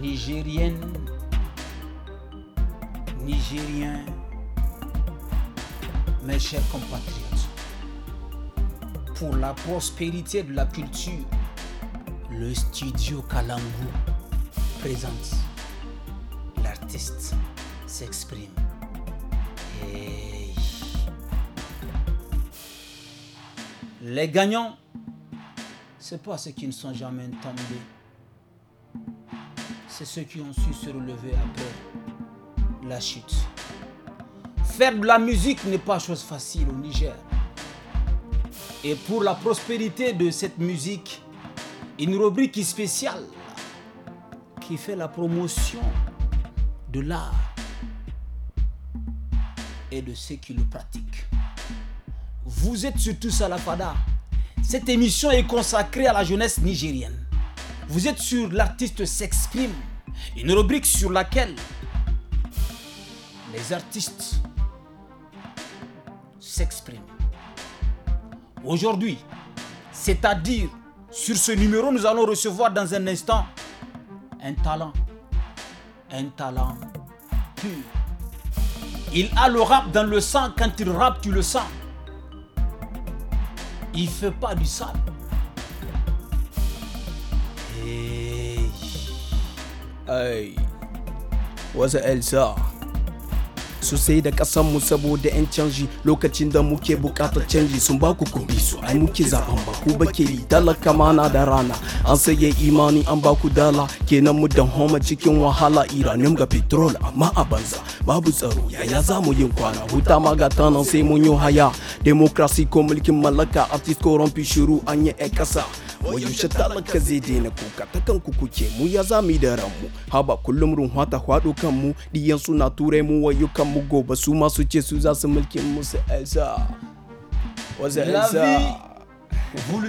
Nigérienne, Nigérien, mes chers compatriotes, pour la prospérité de la culture, le studio Kalangu présente l'artiste s'exprime. Les gagnants, c'est pas ceux qui ne sont jamais tombés c'est ceux qui ont su se relever après la chute. Faire de la musique n'est pas chose facile au Niger. Et pour la prospérité de cette musique, une rubrique spéciale qui fait la promotion de l'art et de ceux qui le pratiquent. Vous êtes sur tous à la Fada. Cette émission est consacrée à la jeunesse nigérienne. Vous êtes sur L'artiste s'exprime, une rubrique sur laquelle les artistes s'expriment. Aujourd'hui, c'est-à-dire sur ce numéro, nous allons recevoir dans un instant un talent. Un talent pur. Il a le rap dans le sang. Quand il rappe, tu le sens. Il fait pas du sale. Ay, wasa Elsa. su sai da mu saboda 'yan canji lokacin da muke bukatar canji sun ba ku kuɗi su ai muke zaben ba ku ba ke talaka mana da rana an saye imani an ba ku dala kenan mu dan homa cikin wahala iranin ga petrol amma a banza babu tsaro yaya za mu yin kwana huta ma ga tanan sai mun yi haya demokrasi ko mulkin mallaka artist ko rompi shiru an yi 'yan kasa vous le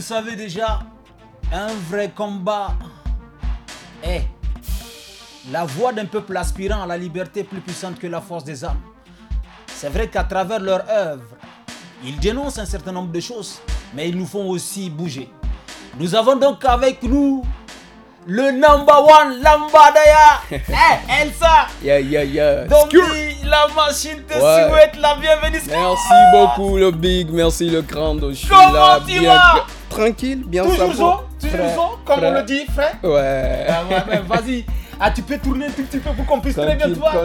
savez déjà un vrai combat est la voix d'un peuple aspirant à la liberté plus puissante que la force des armes c'est vrai qu'à travers leur œuvre ils dénoncent un certain nombre de choses mais ils nous font aussi bouger nous avons donc avec nous le number one Lambadaya. Eh, Elsa. Yeah, Donc, la machine te souhaite la bienvenue. Merci beaucoup, le big. Merci, le grand. Je suis là, bien... Tranquille, bien Toujours toujours comme on le dit, frère. Ouais. Ah, vas-y. Ah, tu peux tourner un tout petit peu pour qu'on puisse très bien toi voir.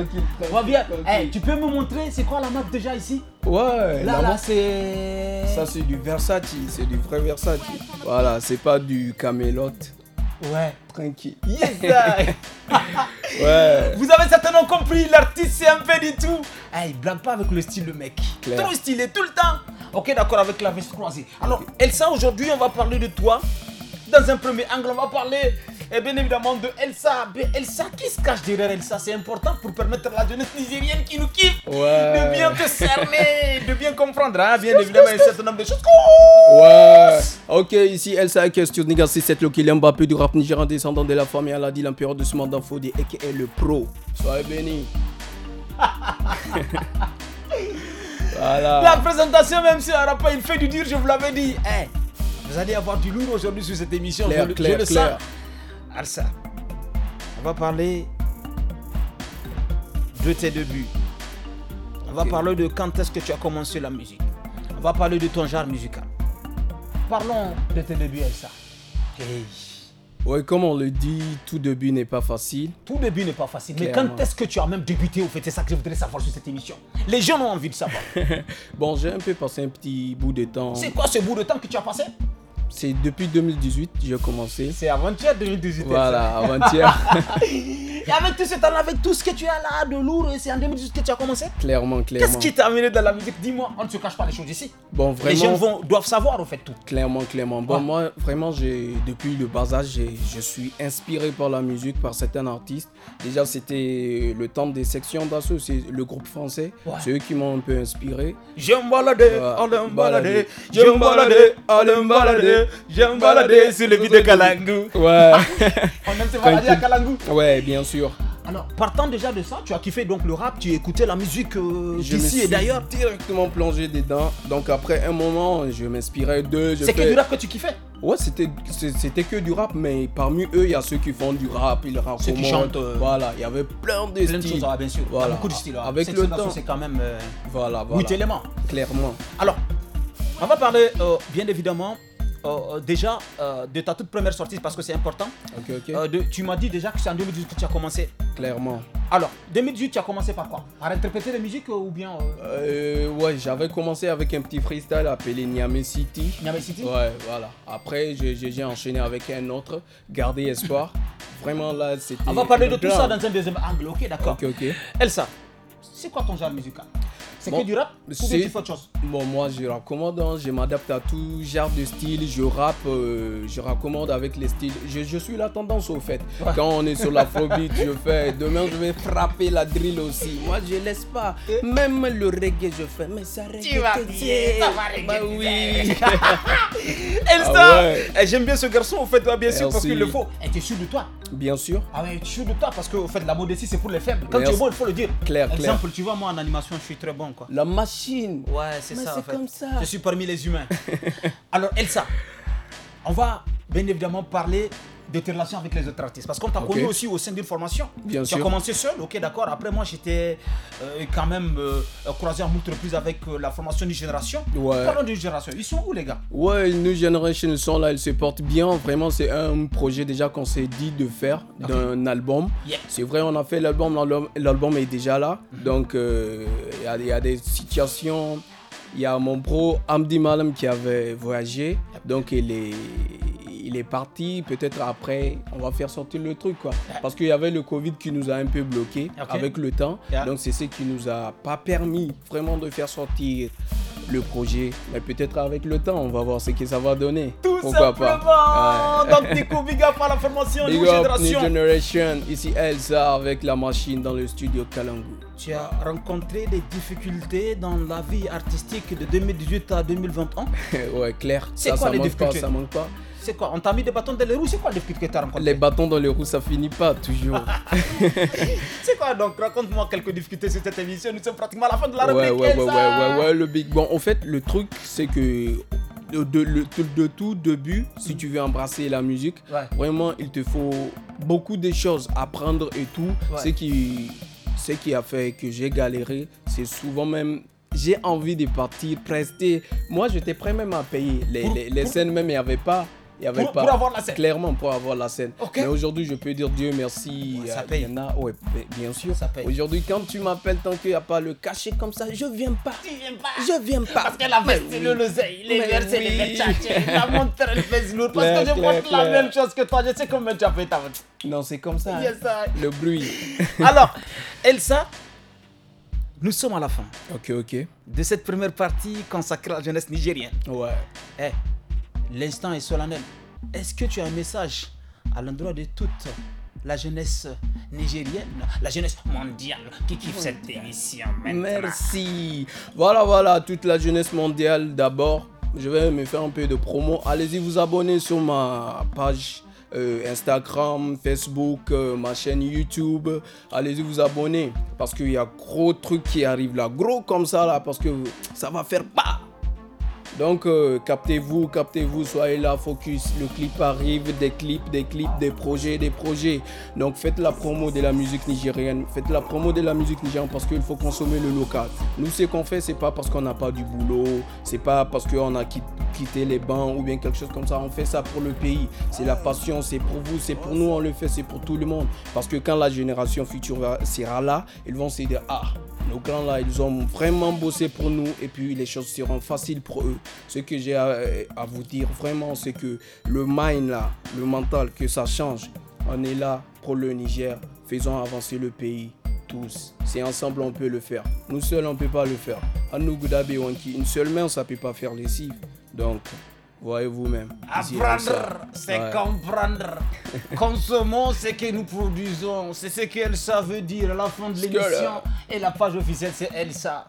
Va bien. Eh, tu peux me montrer, c'est quoi la map déjà ici Ouais. Là, là, c'est. Ça, c'est du Versace, c'est du vrai Versace. Voilà, c'est pas du Camelot. Ouais. Tranquille. Yes! ouais. Vous avez certainement compris, l'artiste c'est un peu du tout. Hey, eh, il blague pas avec le style, le mec. Trop stylé, tout le temps. Ok, d'accord, avec la veste croisée. Alors, Elsa, aujourd'hui, on va parler de toi. Dans un premier angle, on va parler et bien évidemment de Elsa. Elsa, qui se cache derrière Elsa C'est important pour permettre à la jeunesse nigérienne qui nous kiffe de bien te cerner, de bien comprendre. Hein. Bien évidemment, un certain nombre de choses. Ouais. Ok, ici Elsa, question nigga, c'est cette look, Mbappé du rap nigérian descendant de la famille dit l'empereur de ce monde d'info et qui est le pro. Soyez béni. voilà. La présentation, même si elle n'a pas une fait du dur, je vous l'avais dit. Eh. vous allez avoir du lourd aujourd'hui sur cette émission. Claire, je, claire, le claire. Alsa, on va parler de tes débuts. On va parler de quand est-ce que tu as commencé la musique. On va parler de ton genre musical. Parlons de tes débuts, Alsa. Oui, comme on le dit, tout début n'est pas facile. Tout début n'est pas facile. Mais quand est-ce que tu as même débuté au fait C'est ça que je voudrais savoir sur cette émission. Les gens ont envie de savoir. bon, j'ai un peu passé un petit bout de temps. C'est quoi ce bout de temps que tu as passé c'est depuis 2018 que j'ai commencé. C'est avant-hier 2018. Voilà, avant-hier. Et avec tout ce talent, avec tout ce que tu as là de lourd, c'est en 2018 que tu as commencé Clairement, clairement. Qu'est-ce qui t'a amené dans la musique Dis-moi, on ne se cache pas les choses ici. Bon, vraiment. Les gens doivent savoir, en fait, tout. Clairement, clairement. Bon, ah. moi, vraiment, depuis le bas âge, je suis inspiré par la musique, par certains artistes. Déjà, c'était le temps des sections d'assaut, c'est le groupe français. ceux C'est eux qui m'ont un peu inspiré. J'aime balader, allez euh, balader. J'aime balader, allez balader. J'aime balader sur le vide de Kalangu. Ouais. on aime se balader à Kalangu. Ouais, bien sûr. Alors, partant déjà de ça, tu as kiffé donc le rap, tu écoutais la musique euh, d'ici et d'ailleurs directement plongé dedans. Donc, après un moment, je m'inspirais de. C'est que du rap que tu kiffais Ouais, c'était que du rap, mais parmi eux, il y a ceux qui font du rap, ils racontent. Ceux qui chantent. Euh, voilà, il y avait plein de styles. choses, ah, bien sûr. Voilà. beaucoup de styles. Ah. Avec le temps. C'est quand même. Euh, voilà, voilà. éléments. Clairement. Alors, on va parler, bien évidemment, euh, euh, déjà euh, de ta toute première sortie parce que c'est important. tu m'as dit déjà que c'est en 2018 que tu as commencé. Clairement. Alors, 2018, tu as commencé par quoi Par interpréter la musique ou bien Ouais, j'avais commencé avec un petit freestyle appelé Niamey City. Niamey City Ouais, voilà. Après, j'ai enchaîné avec un autre, Garder Espoir. Vraiment là, c'était. On va parler de tout ça dans un deuxième angle, ok, d'accord. Ok, ok. Elsa, c'est quoi ton genre musical C'est que du rap ou tu chose Bon, moi je recommande, hein. je m'adapte à tout genre de style, je rappe, euh, je recommande avec les styles. Je, suis la tendance au fait. Quand on est sur la phobie, je fais. Demain, je vais frapper la drill aussi. Moi, je laisse pas. Eh. Même le reggae, je fais. Mais ça reggae. Tu vas bien, Bah oui. ah eh, j'aime bien ce garçon au fait, bien sûr, parce qu'il le faut. Et eh, tu es sûr de toi Bien sûr. Ah ouais, tu es sûr de toi, parce que au fait, la modestie, c'est pour les faibles. Quand tu es bon, il faut le dire. Claire, Exemple, tu vois, moi en animation, je suis très bon. quoi. La machine. Ouais, je suis parmi les humains. Alors Elsa, on va bien évidemment parler de tes relations avec les autres artistes Parce qu'on t'a connu aussi au sein d'une formation. Bien tu as commencé seul, ok, d'accord. Après, moi, j'étais euh, quand même euh, croisé en moutre plus avec euh, la formation du génération. Ouais. Parlons du génération. Ils sont où, les gars Ouais, New Generation sont là, ils se portent bien. Vraiment, c'est un projet déjà qu'on s'est dit de faire d'un album. C'est vrai, on a fait l'album, l'album est déjà là. Mhm. Donc, il y a des situations il y a mon pro Amdi Malam qui avait voyagé. Donc il est, parti. Peut-être après, on va faire sortir le truc. quoi. Parce qu'il y avait le Covid qui nous a un peu bloqué avec le temps. Donc c'est ce qui nous a pas permis vraiment de faire sortir le projet. Mais peut-être avec le temps, on va voir ce que ça va donner. Tout Pourquoi pas. Ouais. Donc, Nico, big up la formation New Ici Elsa avec la machine dans le studio Kalangu. Tu as rencontré des difficultés dans la vie artistique de 2018 à 2021 Ouais, clair. Ça, quoi, ça, les manque ça manque pas. C'est quoi On t'a mis des bâtons dans les roues C'est quoi depuis que tu rencontré Les bâtons dans les roues, ça finit pas toujours. c'est quoi donc Raconte-moi quelques difficultés sur cette émission. Nous sommes pratiquement à la fin de la ouais, Ouais, ouais, ouais, le Big bon En fait, le truc, c'est que de, de, de, de, tout début, si tu veux embrasser la musique, vraiment, il te faut beaucoup de choses à apprendre et tout. Ce, qui, qui a fait que j'ai galéré, c'est souvent même. J'ai envie de partir, rester. Moi, j'étais prêt même à payer. Les, les scènes, même, il n'y avait pas pour, avoir la scène. Clairement, pour avoir la scène. Mais aujourd'hui, je peux dire Dieu merci. Euh, ça paye. Il y bien sûr. Aujourd'hui, quand tu m'appelles tant qu'il n'y a pas le cachet comme ça, je viens pas. Tu viens pas. Je viens pas. Parce que la veste, c'est le il Les verres, c'est les La montre, elle fait lourd. Parce que je porte la même chose que toi. Je sais combien tu as fait ta veste. Non, c'est comme ça. Hein. Yes, Le bruit. Alors, Elsa. Nous sommes à la fin. Ok, ok. De cette première partie consacrée à la jeunesse nigérienne. Ouais. Eh, L'instant est solennel. Est-ce que tu as un message à l'endroit de toute la jeunesse nigérienne, la jeunesse mondiale qui kiffe cette émission Merci. Voilà, voilà, toute la jeunesse mondiale d'abord. Je vais me faire un peu de promo. Allez-y vous abonnez sur ma page euh, Instagram, Facebook, euh, ma chaîne YouTube. Allez-y vous abonnez parce qu'il y a gros trucs qui arrivent là, gros comme ça là, parce que ça va faire pas donc, euh, captez-vous, captez-vous, soyez là, focus. Le clip arrive, des clips, des clips, des projets, des projets. Donc, faites la promo de la musique nigérienne. Faites la promo de la musique nigérienne parce qu'il faut consommer le local. Nous, ce qu'on fait, c'est pas parce qu'on n'a pas du boulot, c'est pas parce qu'on a quitté quitter les bancs ou bien quelque chose comme ça. On fait ça pour le pays. C'est la passion, c'est pour vous, c'est pour nous, on le fait, c'est pour tout le monde. Parce que quand la génération future sera là, ils vont se dire Ah, nos grands là, ils ont vraiment bossé pour nous et puis les choses seront faciles pour eux. Ce que j'ai à, vous dire vraiment, c'est que le mind là, le mental, que ça change. On est là pour le Niger. Faisons avancer le pays tous. C'est ensemble on peut le faire. Nous seuls on ne peut pas le faire. À nous Wanki, une seule main ça peut pas faire les donc, voyez vous-même. Apprendre, c'est comprendre. Consommons ce que nous produisons. C'est ce qu'Elsa veut dire à la fin de l'émission. Et la page officielle, c'est Elsa.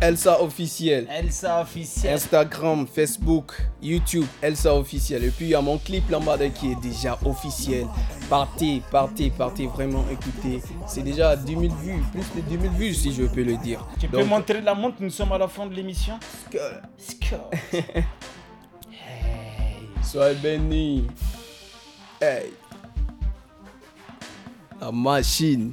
Elsa officielle, Elsa Instagram, Facebook, YouTube, Elsa officielle, Et puis il y a mon clip là-bas qui est déjà officiel. Partez, partez, partez vraiment écoutez. C'est déjà 2000 vues, plus de 2000 vues si je peux le dire. Tu peux montrer la montre, nous sommes à la fin de l'émission. Skull. Skull. hey. Sois béni. Hey. La machine.